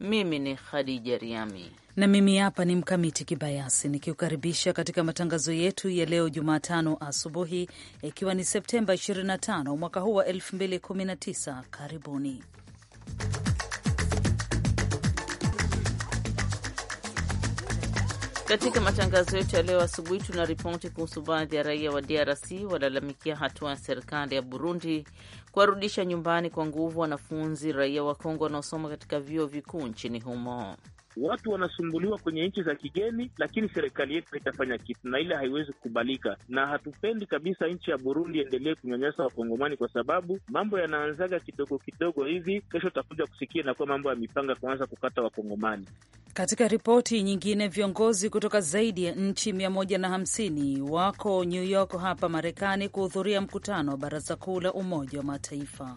Mimi ni Khadija Riami na mimi hapa ni Mkamiti Kibayasi nikiukaribisha katika matangazo yetu ya leo Jumatano asubuhi, ikiwa ni Septemba 25 mwaka huu wa 2019. Karibuni. Katika matangazo yetu ya leo asubuhi, tuna ripoti kuhusu baadhi ya raia wa DRC walalamikia hatua ya serikali ya Burundi kuwarudisha nyumbani kwa nguvu wanafunzi raia wa Kongo wanaosoma katika vyuo vikuu nchini humo watu wanasumbuliwa kwenye nchi za kigeni, lakini serikali yetu haitafanya kitu, na ile haiwezi kukubalika, na hatupendi kabisa nchi ya Burundi endelee kunyanyasa Wakongomani, kwa sababu mambo yanaanzaga kidogo kidogo hivi. Kesho utakuja kusikia inakuwa mambo ya mipanga kuanza kukata Wakongomani. Katika ripoti nyingine, viongozi kutoka zaidi ya nchi 150 wako New York hapa Marekani kuhudhuria mkutano wa Baraza Kuu la Umoja wa Mataifa.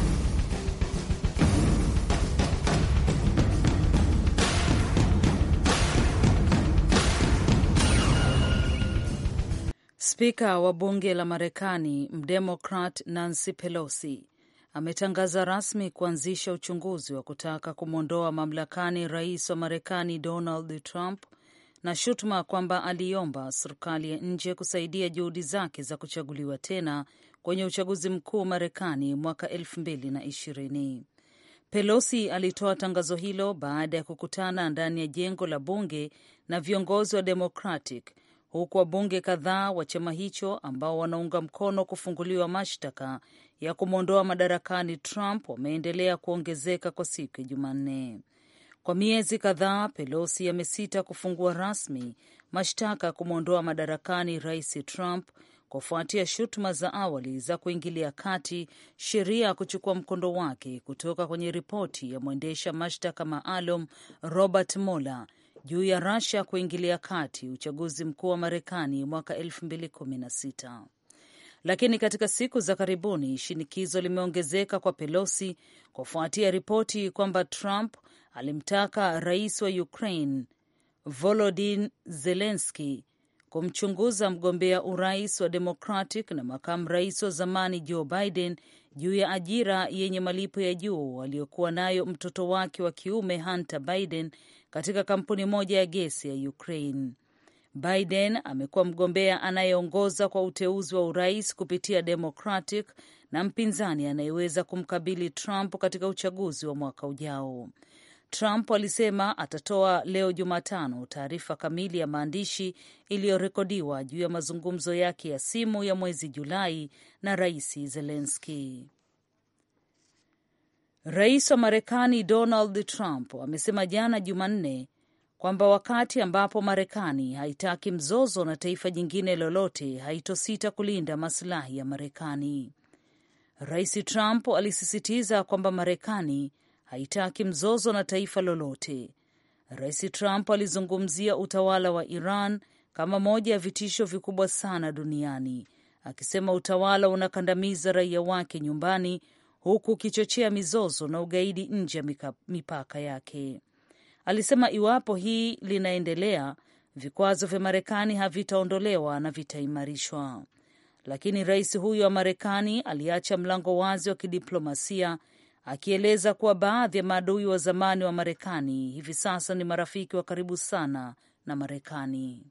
Spika wa bunge la Marekani mdemokrat Nancy Pelosi ametangaza rasmi kuanzisha uchunguzi wa kutaka kumwondoa mamlakani rais wa Marekani Donald Trump na shutuma kwamba aliomba serikali ya nje kusaidia juhudi zake za kuchaguliwa tena kwenye uchaguzi mkuu wa Marekani mwaka elfu mbili na ishirini. Pelosi alitoa tangazo hilo baada ya kukutana ndani ya jengo la bunge na viongozi wa Democratic huku wabunge kadhaa wa chama hicho ambao wanaunga mkono kufunguliwa mashtaka ya kumwondoa madarakani Trump wameendelea kuongezeka kwa siku ya Jumanne. Kwa miezi kadhaa, Pelosi amesita kufungua rasmi mashtaka ya kumwondoa madarakani rais Trump kufuatia shutuma za awali za kuingilia kati sheria ya kuchukua mkondo wake kutoka kwenye ripoti ya mwendesha mashtaka maalum Robert Mueller juu ya Russia kuingilia kati uchaguzi mkuu wa Marekani mwaka 2016. Lakini katika siku za karibuni shinikizo limeongezeka kwa Pelosi kufuatia ripoti kwamba Trump alimtaka rais wa Ukraine Volodin Zelenski kumchunguza mgombea urais wa Democratic na makamu rais wa zamani Joe Biden juu ya ajira yenye malipo ya juu aliyokuwa nayo mtoto wake wa kiume Hunter Biden katika kampuni moja ya gesi ya Ukraine. Biden amekuwa mgombea anayeongoza kwa uteuzi wa urais kupitia Democratic na mpinzani anayeweza kumkabili Trump katika uchaguzi wa mwaka ujao. Trump alisema atatoa leo Jumatano taarifa kamili ya maandishi iliyorekodiwa juu ya mazungumzo yake ya simu ya mwezi Julai na Rais Zelenski. Rais wa Marekani Donald Trump amesema jana Jumanne kwamba wakati ambapo Marekani haitaki mzozo na taifa jingine lolote, haitosita kulinda masilahi ya Marekani. Rais Trump alisisitiza kwamba Marekani haitaki mzozo na taifa lolote. Rais Trump alizungumzia utawala wa Iran kama moja ya vitisho vikubwa sana duniani, akisema utawala unakandamiza raia wake nyumbani huku ukichochea mizozo na ugaidi nje ya mipaka yake. Alisema iwapo hii linaendelea, vikwazo vya Marekani havitaondolewa na vitaimarishwa. Lakini rais huyo wa Marekani aliacha mlango wazi wa kidiplomasia, akieleza kuwa baadhi ya maadui wa zamani wa Marekani hivi sasa ni marafiki wa karibu sana na Marekani.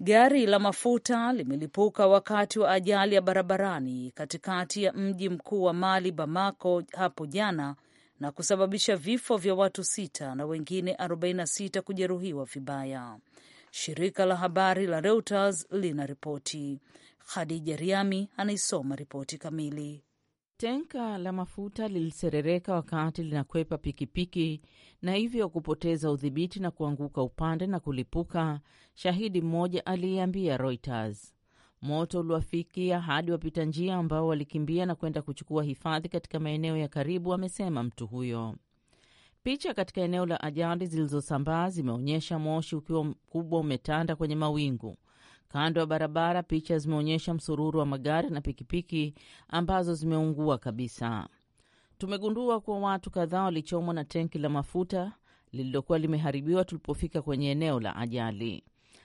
Gari la mafuta limelipuka wakati wa ajali ya barabarani katikati ya mji mkuu wa Mali, Bamako, hapo jana na kusababisha vifo vya watu sita na wengine 46 kujeruhiwa vibaya, shirika la habari la Reuters ripoti Khadija Riami anaisoma ripoti kamili. Tenka la mafuta liliserereka wakati linakwepa pikipiki na hivyo kupoteza udhibiti na kuanguka upande na kulipuka, shahidi mmoja aliyeambia Reuters. Moto uliwafikia hadi wapita njia ambao walikimbia na kwenda kuchukua hifadhi katika maeneo ya karibu, amesema mtu huyo. Picha katika eneo la ajali zilizosambaa zimeonyesha moshi ukiwa mkubwa umetanda kwenye mawingu Kando ya barabara, picha zimeonyesha msururu wa magari na pikipiki ambazo zimeungua kabisa. Tumegundua kuwa watu kadhaa walichomwa na tenki la mafuta lililokuwa limeharibiwa tulipofika kwenye eneo la ajali.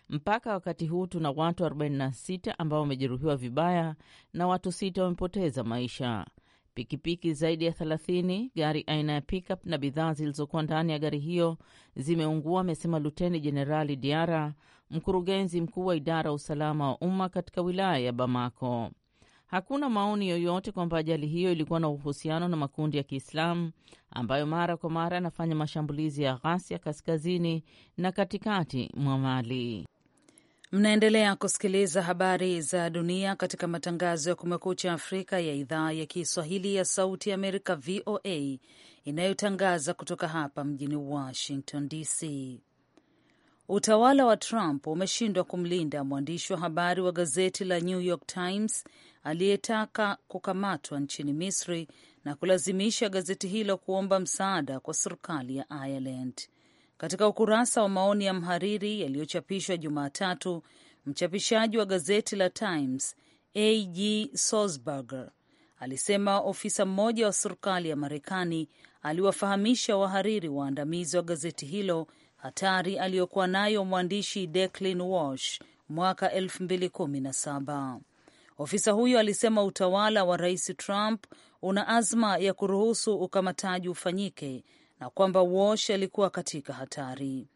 Mpaka wakati huu tuna watu 46 ambao wamejeruhiwa vibaya na watu sita wamepoteza maisha. Pikipiki zaidi ya 30, gari aina ya pickup na bidhaa zilizokuwa ndani ya gari hiyo zimeungua, amesema Luteni Jenerali Diara, mkurugenzi mkuu wa idara ya usalama wa umma katika wilaya ya Bamako. Hakuna maoni yoyote kwamba ajali hiyo ilikuwa na uhusiano na makundi ya Kiislamu ambayo mara kwa mara yanafanya mashambulizi ya ghasia kaskazini na katikati mwa Mali. Mnaendelea kusikiliza habari za dunia katika matangazo ya Kumekucha Afrika ya idhaa ya Kiswahili ya Sauti ya Amerika, VOA, inayotangaza kutoka hapa mjini Washington DC. Utawala wa Trump umeshindwa kumlinda mwandishi wa habari wa gazeti la New York Times aliyetaka kukamatwa nchini Misri na kulazimisha gazeti hilo kuomba msaada kwa serikali ya Ireland. Katika ukurasa wa maoni ya mhariri yaliyochapishwa Jumatatu, mchapishaji wa gazeti la Times AG Sulzberger alisema ofisa mmoja wa serikali ya Marekani aliwafahamisha wahariri waandamizi wa gazeti hilo hatari aliyokuwa nayo mwandishi Declan Walsh mwaka 2017. Ofisa huyo alisema utawala wa Rais Trump una azma ya kuruhusu ukamataji ufanyike na kwamba Walsh alikuwa katika hatari.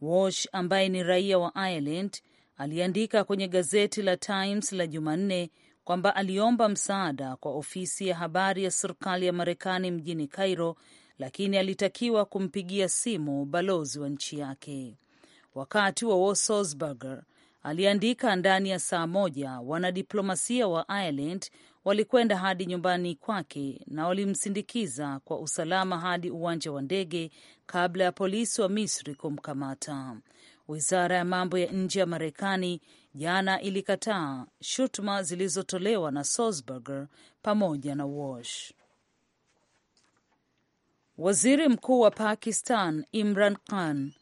Walsh ambaye ni raia wa Ireland aliandika kwenye gazeti la Times la Jumanne kwamba aliomba msaada kwa ofisi ya habari ya serikali ya Marekani mjini Cairo lakini alitakiwa kumpigia simu balozi wa nchi yake. Wakati wa huo aliandika ndani ya saa moja wanadiplomasia wa Ireland walikwenda hadi nyumbani kwake na walimsindikiza kwa usalama hadi uwanja wa ndege kabla ya polisi wa Misri kumkamata. Wizara ya mambo ya nje ya Marekani jana ilikataa shutuma zilizotolewa na Solsberger pamoja na Walsh. Waziri Mkuu wa Pakistan Imran Khan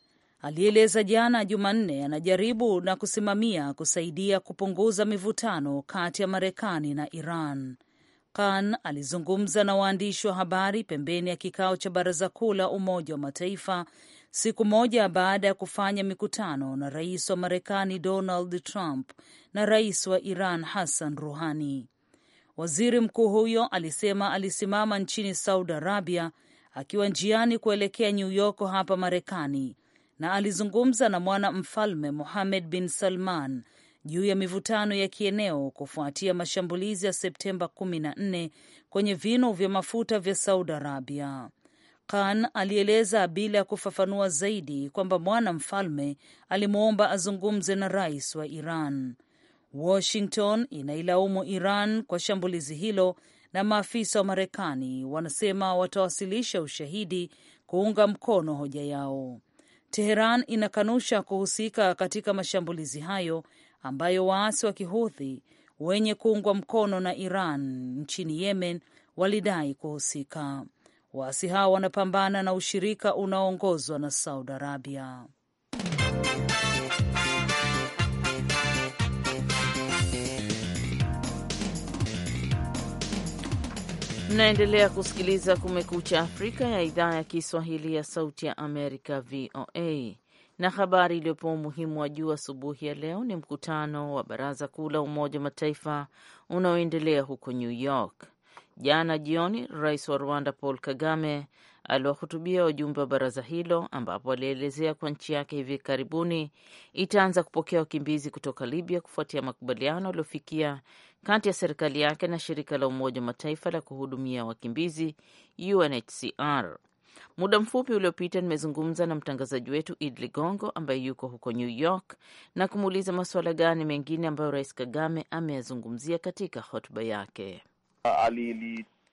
alieleza jana Jumanne anajaribu na kusimamia kusaidia kupunguza mivutano kati ya Marekani na Iran. Khan alizungumza na waandishi wa habari pembeni ya kikao cha Baraza Kuu la Umoja wa Mataifa siku moja baada ya kufanya mikutano na rais wa Marekani Donald Trump na rais wa Iran Hassan Rouhani. Waziri mkuu huyo alisema alisimama nchini Saudi Arabia akiwa njiani kuelekea New York hapa Marekani, na alizungumza na mwana mfalme Mohammed bin Salman juu ya mivutano ya kieneo kufuatia mashambulizi ya Septemba 14 kwenye vinu vya mafuta vya Saudi Arabia. Khan alieleza bila ya kufafanua zaidi kwamba mwana mfalme alimwomba azungumze na rais wa Iran. Washington inailaumu Iran kwa shambulizi hilo na maafisa wa Marekani wanasema watawasilisha ushahidi kuunga mkono hoja yao. Teheran inakanusha kuhusika katika mashambulizi hayo ambayo waasi wa kihudhi wenye kuungwa mkono na Iran nchini Yemen walidai kuhusika. Waasi hao wanapambana na ushirika unaoongozwa na Saudi Arabia. Mnaendelea kusikiliza Kumekucha Afrika ya idhaa ya Kiswahili ya Sauti ya Amerika, VOA. Na habari iliyopewa umuhimu wa juu asubuhi ya leo ni mkutano wa Baraza Kuu la Umoja wa Mataifa unaoendelea huko New York. Jana jioni, rais wa Rwanda Paul Kagame aliwahutubia wajumbe wa baraza hilo, ambapo alielezea kwa nchi yake hivi karibuni itaanza kupokea wakimbizi kutoka Libya kufuatia makubaliano aliyofikia kati ya serikali yake na shirika la Umoja wa Mataifa la kuhudumia wakimbizi UNHCR. Muda mfupi uliopita nimezungumza na mtangazaji wetu Id Ligongo ambaye yuko huko New York na kumuuliza masuala gani mengine ambayo Rais Kagame ameyazungumzia katika hotuba yake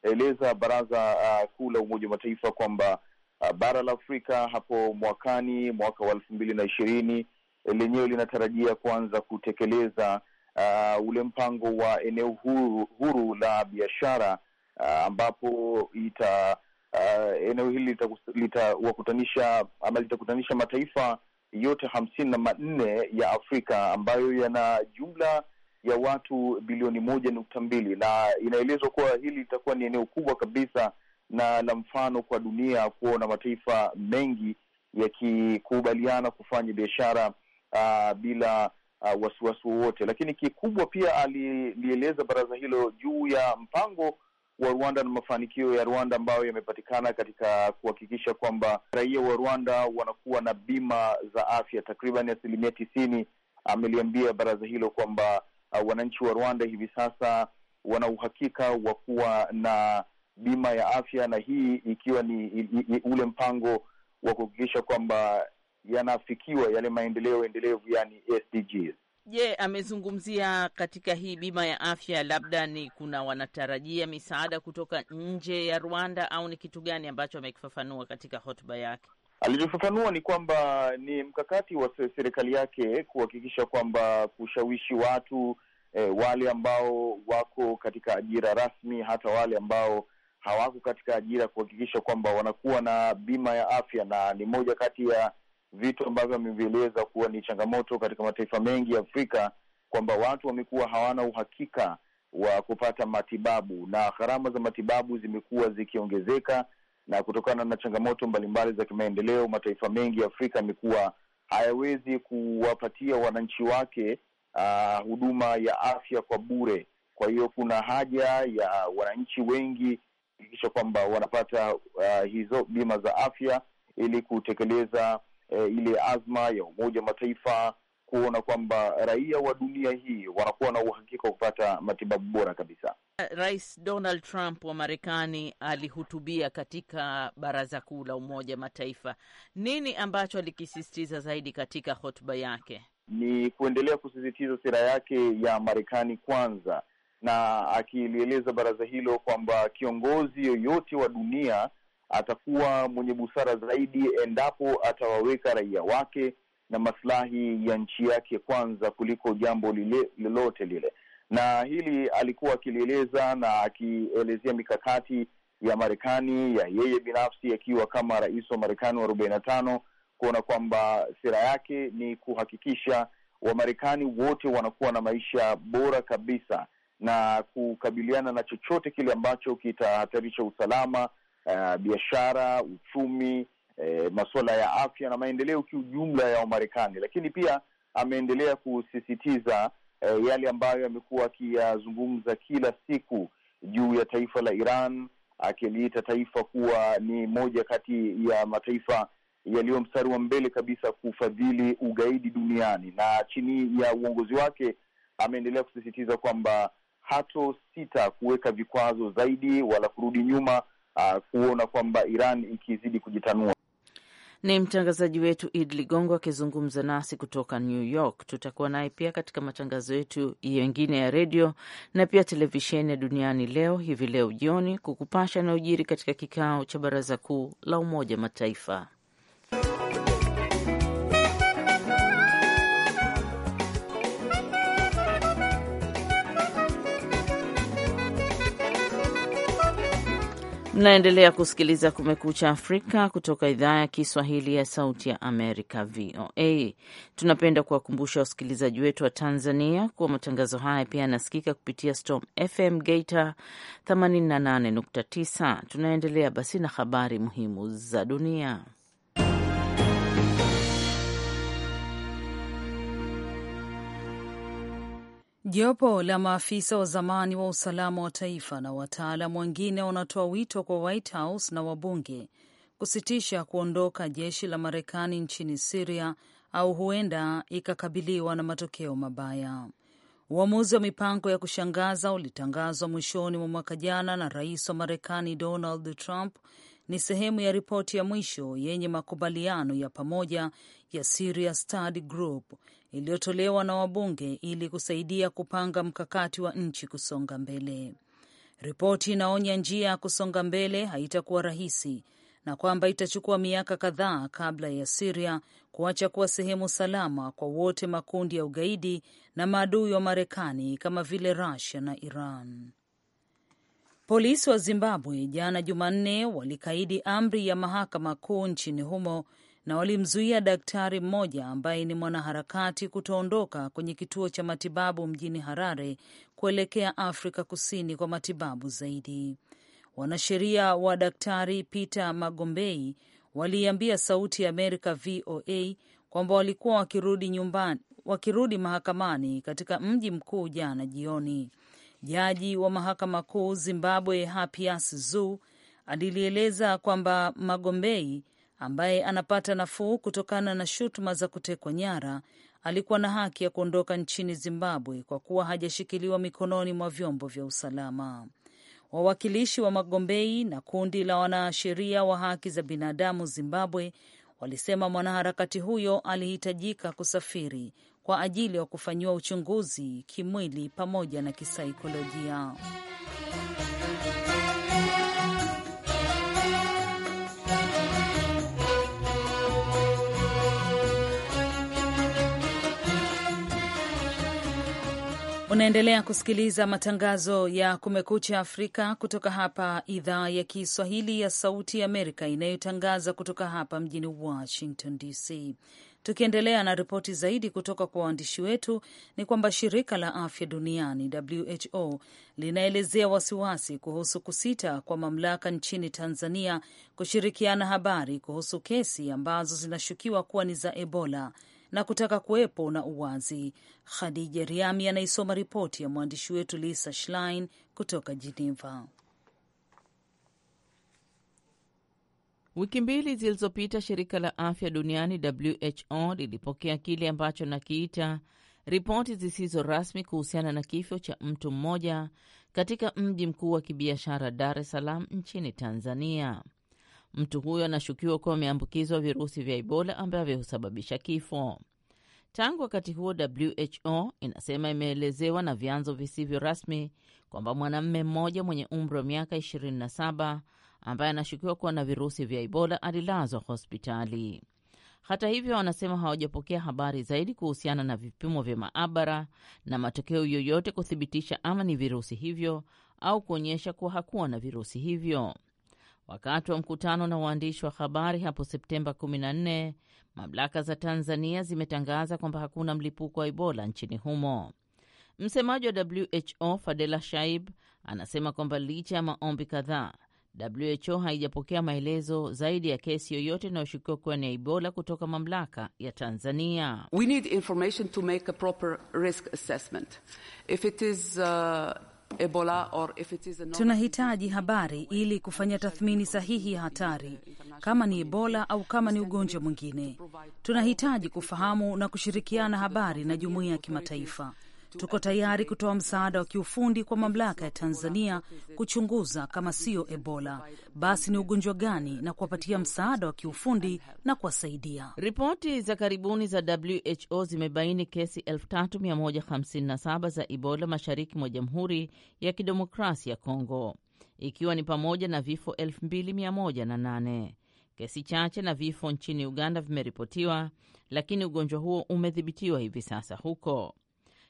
eleza baraza uh, kuu la Umoja wa Mataifa kwamba uh, bara la Afrika hapo mwakani, mwaka wa elfu mbili na ishirini lenyewe linatarajia kuanza kutekeleza uh, ule mpango wa eneo huru, huru la biashara uh, ambapo ita uh, eneo hili litawakutanisha ama litakutanisha mataifa yote hamsini na manne ya Afrika ambayo yana jumla ya watu bilioni moja nukta mbili na inaelezwa kuwa hili litakuwa ni eneo kubwa kabisa na la mfano kwa dunia kuona mataifa mengi yakikubaliana kufanya biashara uh, bila uh, wasiwasi wowote. Lakini kikubwa pia alilieleza baraza hilo juu ya mpango wa Rwanda na mafanikio ya Rwanda ambayo yamepatikana katika kuhakikisha kwamba raia wa Rwanda wanakuwa na bima za afya takriban asilimia tisini. Ameliambia baraza hilo kwamba uh, wananchi wa Rwanda hivi sasa wana uhakika wa kuwa na bima ya afya, na hii ikiwa ni i, i, ule mpango wa kuhakikisha kwamba yanafikiwa yale maendeleo endelevu, yani SDGs. Je, yeah, amezungumzia katika hii bima ya afya, labda ni kuna wanatarajia misaada kutoka nje ya Rwanda au ni kitu gani ambacho amekifafanua katika hotuba yake? Alivyofafanua ni kwamba ni mkakati wa serikali yake kuhakikisha kwamba kushawishi watu e, wale ambao wako katika ajira rasmi, hata wale ambao hawako katika ajira, kuhakikisha kwamba wanakuwa na bima ya afya, na ni moja kati ya vitu ambavyo amevieleza kuwa ni changamoto katika mataifa mengi ya Afrika kwamba watu wamekuwa hawana uhakika wa kupata matibabu na gharama za matibabu zimekuwa zikiongezeka na kutokana na changamoto mbalimbali za kimaendeleo, mataifa mengi ya Afrika yamekuwa hayawezi kuwapatia wananchi wake uh, huduma ya afya kwa bure. Kwa hiyo kuna haja ya wananchi wengi kuhakikisha kwamba wanapata uh, hizo bima za afya ili kutekeleza uh, ile azma ya Umoja wa Mataifa kuona kwamba raia wa dunia hii wanakuwa na uhakika wa kupata matibabu bora kabisa. Rais Donald Trump wa Marekani alihutubia katika Baraza Kuu la Umoja Mataifa. Nini ambacho alikisisitiza zaidi katika hotuba yake? Ni kuendelea kusisitiza sera yake ya Marekani kwanza, na akilieleza baraza hilo kwamba kiongozi yoyote wa dunia atakuwa mwenye busara zaidi endapo atawaweka raia wake na maslahi ya nchi yake kwanza kuliko jambo lile lolote lile, na hili alikuwa akilieleza na akielezea mikakati ya Marekani ya yeye binafsi akiwa kama rais wa Marekani wa arobaini na tano kuona kwamba sera yake ni kuhakikisha Wamarekani wote wanakuwa na maisha bora kabisa na kukabiliana na chochote kile ambacho kitahatarisha usalama, uh, biashara, uchumi e, masuala ya afya na maendeleo kiujumla ya Wamarekani, lakini pia ameendelea kusisitiza e, yale ambayo amekuwa akiyazungumza kila siku juu ya taifa la Iran, akiliita taifa kuwa ni moja kati ya mataifa yaliyo mstari wa mbele kabisa kufadhili ugaidi duniani. Na chini ya uongozi wake ameendelea kusisitiza kwamba hato sita kuweka vikwazo zaidi wala kurudi nyuma, uh, kuona kwamba Iran ikizidi kujitanua. Ni mtangazaji wetu Id Ligongo akizungumza nasi kutoka New York. Tutakuwa naye pia katika matangazo yetu yengine ya redio na pia televisheni ya Duniani Leo hivi leo jioni, kukupasha na ujiri katika kikao cha Baraza Kuu la Umoja Mataifa. Mnaendelea kusikiliza Kumekucha Afrika kutoka idhaa ya Kiswahili ya Sauti ya Amerika, VOA. Tunapenda kuwakumbusha wasikilizaji wetu wa Tanzania kuwa matangazo haya pia yanasikika kupitia Storm FM Geita 88.9. Tunaendelea basi na habari muhimu za dunia. Jopo la maafisa wa zamani wa usalama wa taifa na wataalam wengine wanatoa wito kwa White House na wabunge kusitisha kuondoka jeshi la Marekani nchini Siria au huenda ikakabiliwa na matokeo mabaya. Uamuzi wa mipango ya kushangaza ulitangazwa mwishoni mwa mwaka jana na rais wa Marekani Donald Trump ni sehemu ya ripoti ya mwisho yenye makubaliano ya pamoja ya Syria Study Group iliyotolewa na wabunge ili kusaidia kupanga mkakati wa nchi kusonga mbele. Ripoti inaonya njia ya kusonga mbele haitakuwa rahisi na kwamba itachukua miaka kadhaa kabla ya Siria kuacha kuwa sehemu salama kwa wote makundi ya ugaidi na maadui wa Marekani kama vile Rusia na Iran. Polisi wa Zimbabwe jana Jumanne walikaidi amri ya mahakama kuu nchini humo na walimzuia daktari mmoja ambaye ni mwanaharakati kutoondoka kwenye kituo cha matibabu mjini Harare kuelekea Afrika Kusini kwa matibabu zaidi. Wanasheria wa Daktari Peter Magombei waliambia Sauti ya Amerika VOA kwamba walikuwa wakirudi nyumbani, wakirudi mahakamani katika mji mkuu jana jioni. Jaji wa mahakama kuu Zimbabwe Hapias Zu alilieleza kwamba Magombei ambaye anapata nafuu kutokana na shutuma za kutekwa nyara alikuwa na haki ya kuondoka nchini Zimbabwe kwa kuwa hajashikiliwa mikononi mwa vyombo vya usalama. Wawakilishi wa Magombei na kundi la wanasheria wa haki za binadamu Zimbabwe walisema mwanaharakati huyo alihitajika kusafiri kwa ajili ya kufanyiwa uchunguzi kimwili pamoja na kisaikolojia. Unaendelea kusikiliza matangazo ya Kumekucha Afrika kutoka hapa idhaa ya Kiswahili ya Sauti Amerika inayotangaza kutoka hapa mjini Washington DC. Tukiendelea na ripoti zaidi kutoka kwa waandishi wetu ni kwamba shirika la afya duniani WHO linaelezea wasiwasi kuhusu kusita kwa mamlaka nchini Tanzania kushirikiana habari kuhusu kesi ambazo zinashukiwa kuwa ni za Ebola na kutaka kuwepo na uwazi. Khadija Riami anaisoma ripoti ya mwandishi wetu Lisa Schlein kutoka Geneva. Wiki mbili zilizopita shirika la afya duniani WHO lilipokea kile ambacho nakiita ripoti zisizo rasmi kuhusiana na kifo cha mtu mmoja katika mji mkuu wa kibiashara Dar es Salaam nchini Tanzania. Mtu huyo anashukiwa kuwa ameambukizwa virusi vya Ebola ambavyo husababisha kifo. Tangu wakati huo, WHO inasema imeelezewa na vyanzo visivyo rasmi kwamba mwanamume mmoja mwenye umri wa miaka 27 ambaye anashukiwa kuwa na virusi vya Ebola alilazwa hospitali. Hata hivyo, wanasema hawajapokea habari zaidi kuhusiana na vipimo vya maabara na matokeo yoyote kuthibitisha ama ni virusi hivyo au kuonyesha kuwa hakuwa na virusi hivyo. Wakati wa mkutano na waandishi wa habari hapo Septemba 14, mamlaka za Tanzania zimetangaza kwamba hakuna mlipuko wa Ebola nchini humo. Msemaji wa WHO Fadela Shaib anasema kwamba licha ya maombi kadhaa, WHO haijapokea maelezo zaidi ya kesi yoyote inayoshukiwa kuwa ni Ebola kutoka mamlaka ya Tanzania. We need information to make a proper risk assessment. If it is, uh... Ebola or if it is a... tunahitaji habari ili kufanya tathmini sahihi ya hatari, kama ni Ebola au kama ni ugonjwa mwingine. Tunahitaji kufahamu na kushirikiana habari na jumuiya ya kimataifa. Tuko tayari kutoa msaada wa kiufundi kwa mamlaka ya Tanzania kuchunguza kama sio Ebola, basi ni ugonjwa gani, na kuwapatia msaada wa kiufundi na kuwasaidia. Ripoti za karibuni za WHO zimebaini kesi 3157 za Ebola mashariki mwa Jamhuri ya Kidemokrasia ya Kongo, ikiwa ni pamoja na vifo 2108. Kesi chache na vifo nchini Uganda vimeripotiwa, lakini ugonjwa huo umedhibitiwa hivi sasa huko.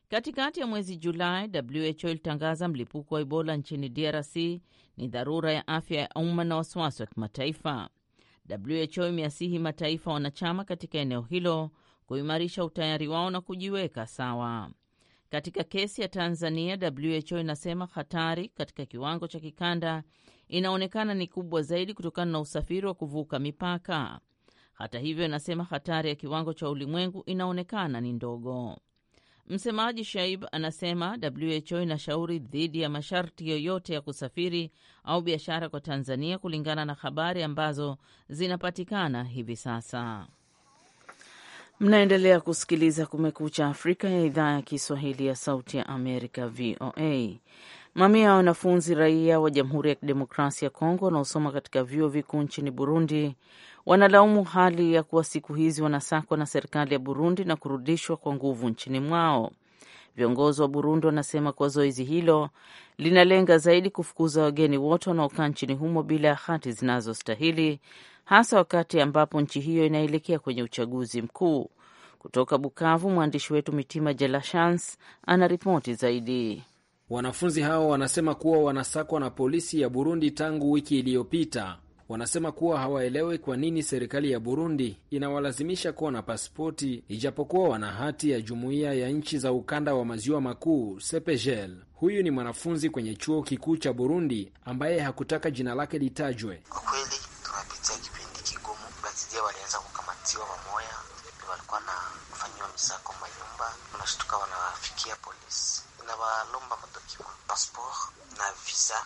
Katikati ya mwezi Julai, WHO ilitangaza mlipuko wa Ebola nchini DRC ni dharura ya afya ya umma na wasiwasi wa kimataifa. WHO imeasihi mataifa wanachama katika eneo hilo kuimarisha utayari wao na kujiweka sawa. Katika kesi ya Tanzania, WHO inasema hatari katika kiwango cha kikanda inaonekana ni kubwa zaidi kutokana na usafiri wa kuvuka mipaka. Hata hivyo, inasema hatari ya kiwango cha ulimwengu inaonekana ni ndogo. Msemaji Shaib anasema WHO inashauri dhidi ya masharti yoyote ya kusafiri au biashara kwa Tanzania kulingana na habari ambazo zinapatikana hivi sasa. Mnaendelea kusikiliza Kumekucha Afrika ya idhaa ya Kiswahili ya Sauti ya Amerika, VOA. Mamia ya wanafunzi raia wa Jamhuri ya Kidemokrasia ya Kongo wanaosoma katika vyuo vikuu nchini Burundi wanalaumu hali ya kuwa siku hizi wanasakwa na serikali ya Burundi na kurudishwa kwa nguvu nchini mwao. Viongozi wa Burundi wanasema kuwa zoezi hilo linalenga zaidi kufukuza wageni wote wanaokaa nchini humo bila ya hati zinazostahili, hasa wakati ambapo nchi hiyo inaelekea kwenye uchaguzi mkuu. Kutoka Bukavu, mwandishi wetu Mitima Jelashans ana ripoti zaidi. Wanafunzi hao wanasema kuwa wanasakwa na polisi ya Burundi tangu wiki iliyopita. Wanasema kuwa hawaelewi kwa nini serikali ya Burundi inawalazimisha kuwa na pasipoti ijapokuwa wana hati ya jumuiya ya nchi za ukanda wa maziwa makuu CEPGL. Huyu ni mwanafunzi kwenye chuo kikuu cha Burundi ambaye hakutaka jina lake litajwe. Kwa kweli tunapitia kipindi kigumu, baadhi walianza kukamatiwa mamoya, walikuwa na kufanyiwa misako manyumba, unashtuka wanawafikia polisi na balomba batoki passeport, na visa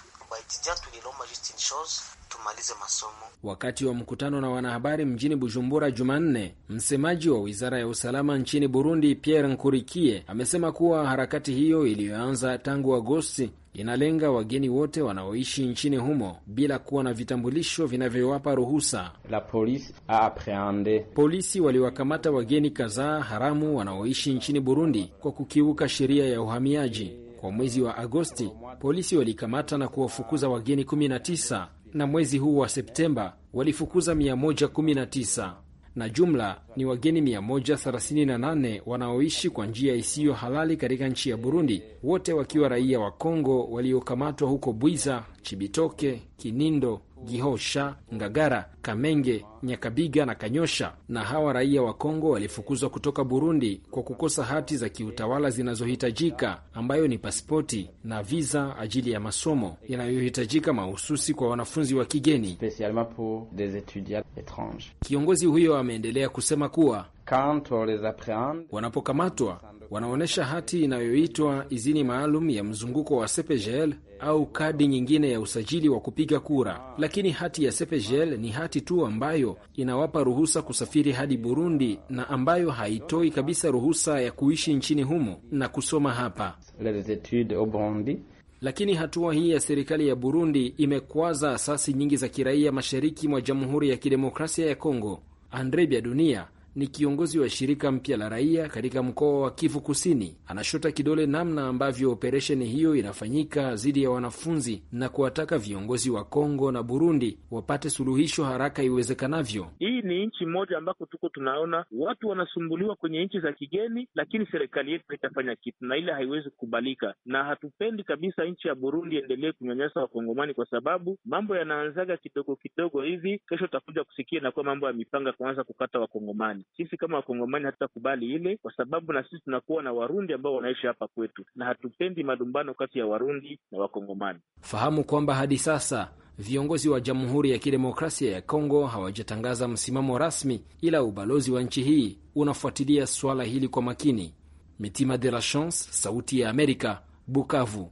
Wakati wa mkutano na wanahabari mjini Bujumbura Jumanne, msemaji wa wizara ya usalama nchini Burundi Pierre Nkurikie amesema kuwa harakati hiyo iliyoanza tangu Agosti inalenga wageni wote wanaoishi nchini humo bila kuwa na vitambulisho vinavyowapa ruhusa. La police a Polisi waliwakamata wageni kadhaa haramu wanaoishi nchini Burundi kwa kukiuka sheria ya uhamiaji. Kwa mwezi wa Agosti polisi walikamata na kuwafukuza wageni 19 na mwezi huu wa Septemba walifukuza 119 na jumla ni wageni 138 wanaoishi kwa njia isiyo halali katika nchi ya Burundi, wote wakiwa raia wa Kongo waliokamatwa huko Bwiza, Chibitoke, Kinindo Gihosha, Ngagara, Kamenge, Nyakabiga na Kanyosha. Na hawa raia wa Kongo walifukuzwa kutoka Burundi kwa kukosa hati za kiutawala zinazohitajika, ambayo ni pasipoti na viza ajili ya masomo yanayohitajika mahususi kwa wanafunzi wa kigeni. Kiongozi huyo ameendelea kusema kuwa wanapokamatwa wanaonyesha hati inayoitwa idhini maalum ya mzunguko wa CPGL au kadi nyingine ya usajili wa kupiga kura, lakini hati ya CPGL ni hati tu ambayo inawapa ruhusa kusafiri hadi Burundi na ambayo haitoi kabisa ruhusa ya kuishi nchini humo na kusoma hapa. Lakini hatua hii ya serikali ya Burundi imekwaza asasi nyingi za kiraia mashariki mwa Jamhuri ya Kidemokrasia ya Kongo. Andre Byadunia ni kiongozi wa shirika mpya la raia katika mkoa wa Kivu Kusini, anashota kidole namna ambavyo operesheni hiyo inafanyika dhidi ya wanafunzi na kuwataka viongozi wa Kongo na Burundi wapate suluhisho haraka iwezekanavyo. Hii ni nchi moja ambako tuko tunaona watu wanasumbuliwa kwenye nchi za kigeni, lakini serikali yetu haitafanya kitu, na ile haiwezi kukubalika, na hatupendi kabisa nchi ya Burundi endelee kunyanyasa Wakongomani kwa sababu mambo yanaanzaga kidogo kidogo hivi. Kesho utakuja kusikia inakuwa mambo ya mipanga kuanza kukata Wakongomani. Kongomani. Sisi kama Wakongomani hatutakubali ile, kwa sababu na sisi tunakuwa na Warundi ambao wanaishi hapa kwetu, na hatupendi malumbano kati ya Warundi na Wakongomani. Fahamu kwamba hadi sasa viongozi wa Jamhuri ya Kidemokrasia ya Kongo hawajatangaza msimamo rasmi, ila ubalozi wa nchi hii unafuatilia suala hili kwa makini. Mitima de la Chance, Sauti ya Amerika, Bukavu.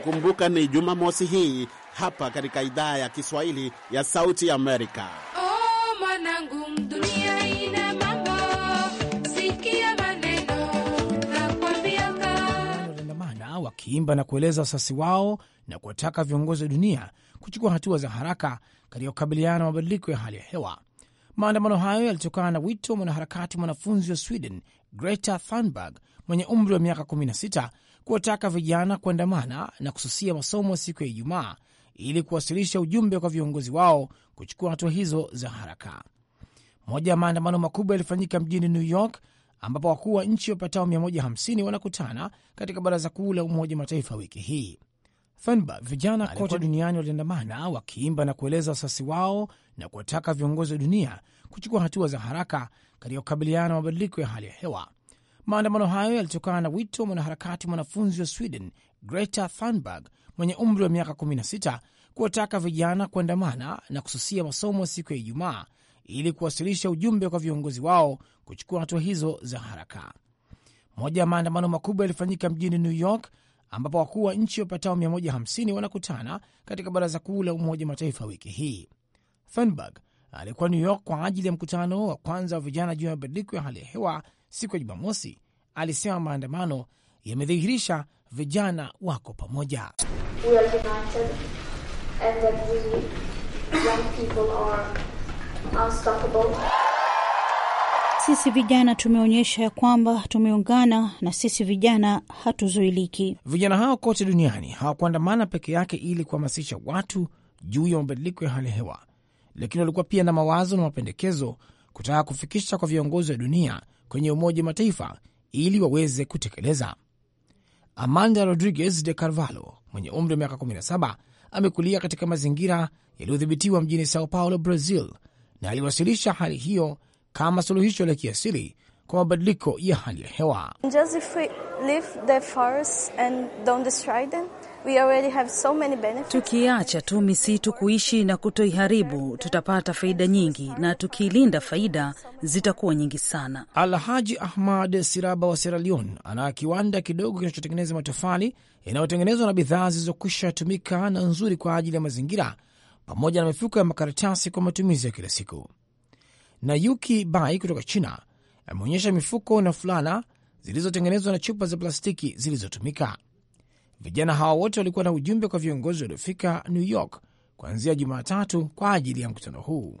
Kumbuka ni Jumamosi hii hapa katika idhaa ya Kiswahili ya Sauti Amerika. Oh, Waliandamana wakiimba na kueleza wasasi wao na kuwataka viongozi wa dunia kuchukua hatua za haraka katika kukabiliana na mabadiliko ya hali ya hewa. Maandamano hayo yalitokana na wito wa mwanaharakati mwanafunzi wa Sweden Greta Thunberg mwenye umri wa miaka 16 kuwataka vijana kuandamana na kususia masomo siku ya Ijumaa ili kuwasilisha ujumbe kwa viongozi wao kuchukua hatua hizo za haraka. Moja ya maandamano makubwa yalifanyika mjini New York ambapo wakuu wa nchi wapatao 150 wanakutana katika baraza kuu la Umoja Mataifa wiki hii. Fenba, vijana kote duniani waliandamana wakiimba na kueleza wasasi wao na kuwataka viongozi wa dunia kuchukua hatua za haraka katika kukabiliana na mabadiliko ya hali ya hewa Maandamano hayo yalitokana na wito wa mwanaharakati mwanafunzi wa Sweden Greta Thunberg mwenye umri wa miaka 16 kuwataka vijana kuandamana na kususia masomo siku ya Ijumaa ili kuwasilisha ujumbe kwa viongozi wao kuchukua hatua hizo za haraka. Moja ya maandamano makubwa yalifanyika mjini New York ambapo wakuu wa nchi wapatao 150 wanakutana katika baraza kuu la Umoja Mataifa wiki hii. Thunberg alikuwa New York kwa ajili ya mkutano wa kwanza wa vijana juu ya mabadiliko ya hali ya hewa siku ya Jumamosi alisema maandamano yamedhihirisha vijana wako pamoja. Sisi vijana tumeonyesha ya kwamba tumeungana na sisi vijana hatuzuiliki. Vijana hao kote duniani hawakuandamana peke yake ili kuhamasisha watu juu ya mabadiliko ya hali ya hewa, lakini walikuwa pia na mawazo na mapendekezo kutaka kufikisha kwa viongozi wa dunia kwenye Umoja Mataifa ili waweze kutekeleza. Amanda Rodriguez de Carvalho mwenye umri wa miaka 17 amekulia katika mazingira yaliyodhibitiwa mjini Sao Paulo, Brazil, na aliwasilisha hali hiyo kama suluhisho la kiasili kwa mabadiliko ya hali ya hewa. Just if we leave the and don't destroy them. We already have so many benefits. Tukiacha tu misitu kuishi na kutoiharibu tutapata faida nyingi, na tukiilinda faida zitakuwa nyingi sana. Alhaji Ahmad Siraba wa Sierra Leone ana kiwanda kidogo kinachotengeneza matofali yanayotengenezwa na bidhaa zilizokwisha tumika na nzuri kwa ajili ya mazingira, pamoja na mifuko ya makaratasi kwa matumizi ya kila siku. Na Yuki Bai kutoka China ameonyesha mifuko na fulana zilizotengenezwa na chupa za plastiki zilizotumika. Vijana hawa wote walikuwa na ujumbe kwa viongozi waliofika New York kuanzia Jumatatu kwa ajili ya mkutano huu.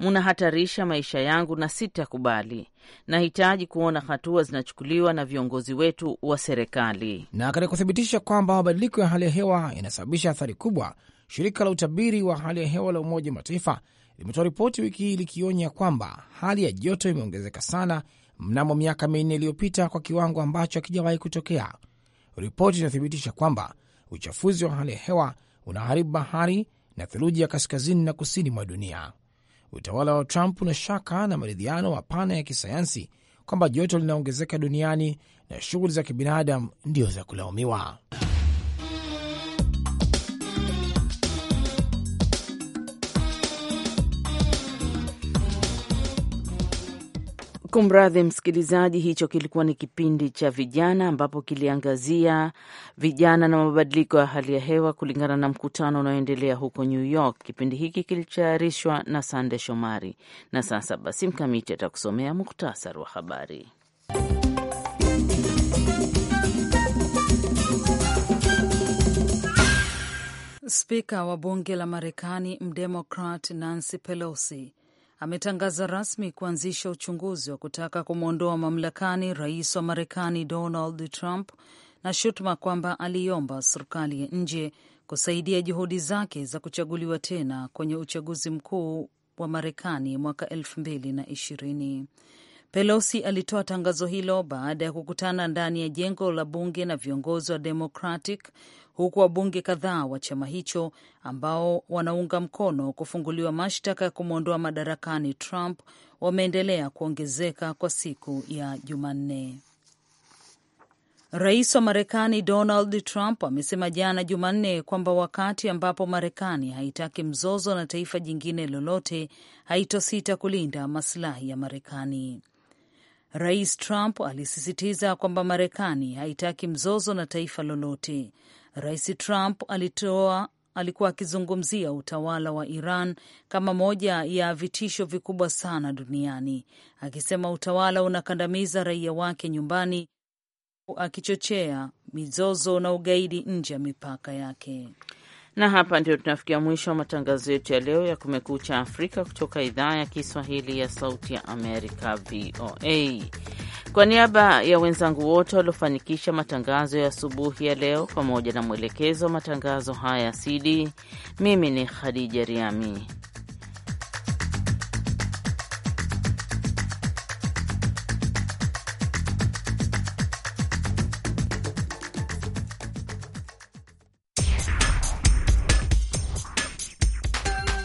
Mnahatarisha maisha yangu na sitakubali. Nahitaji kuona hatua zinachukuliwa na viongozi wetu wa serikali. Na katika kuthibitisha kwamba mabadiliko ya hali ya hewa yanasababisha athari kubwa, shirika la utabiri wa hali ya hewa la Umoja Mataifa limetoa ripoti wiki hii likionya kwamba hali ya joto imeongezeka sana mnamo miaka minne iliyopita kwa kiwango ambacho hakijawahi kutokea. Ripoti inathibitisha kwamba uchafuzi wa hali ya hewa unaharibu bahari na theluji ya kaskazini na kusini mwa dunia utawala wa Trump una shaka na maridhiano mapana ya kisayansi kwamba joto linaongezeka duniani na shughuli za kibinadamu ndio za kulaumiwa. Kumradhi msikilizaji, hicho kilikuwa ni kipindi cha vijana ambapo kiliangazia vijana na mabadiliko ya hali ya hewa kulingana na mkutano unaoendelea huko New York. Kipindi hiki kilitayarishwa na Sande Shomari, na sasa basi Mkamiti atakusomea muktasari wa habari. Spika wa bunge la Marekani mdemokrat Nancy Pelosi ametangaza rasmi kuanzisha uchunguzi wa kutaka kumwondoa mamlakani rais wa Marekani Donald Trump na shutuma kwamba aliiomba serikali ya nje kusaidia juhudi zake za kuchaguliwa tena kwenye uchaguzi mkuu wa Marekani mwaka elfu mbili na ishirini. Pelosi alitoa tangazo hilo baada ya kukutana ndani ya jengo la bunge na viongozi wa Democratic huku wabunge kadhaa wa chama hicho ambao wanaunga mkono kufunguliwa mashtaka ya kumwondoa madarakani Trump wameendelea kuongezeka kwa siku ya Jumanne. Rais wa Marekani Donald Trump amesema jana Jumanne kwamba wakati ambapo Marekani haitaki mzozo na taifa jingine lolote, haitosita kulinda masilahi ya Marekani. Rais Trump alisisitiza kwamba Marekani haitaki mzozo na taifa lolote, Rais Trump alitoa alikuwa akizungumzia utawala wa Iran kama moja ya vitisho vikubwa sana duniani, akisema utawala unakandamiza raia wake nyumbani, akichochea mizozo na ugaidi nje ya mipaka yake. Na hapa ndio tunafikia mwisho wa matangazo yetu ya leo ya Kumekucha Afrika kutoka idhaa ya Kiswahili ya Sauti ya Amerika, VOA. Kwa niaba ya wenzangu wote waliofanikisha matangazo ya asubuhi ya leo pamoja na mwelekezo wa matangazo haya ya CD, mimi ni Khadija Riami